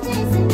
Jason.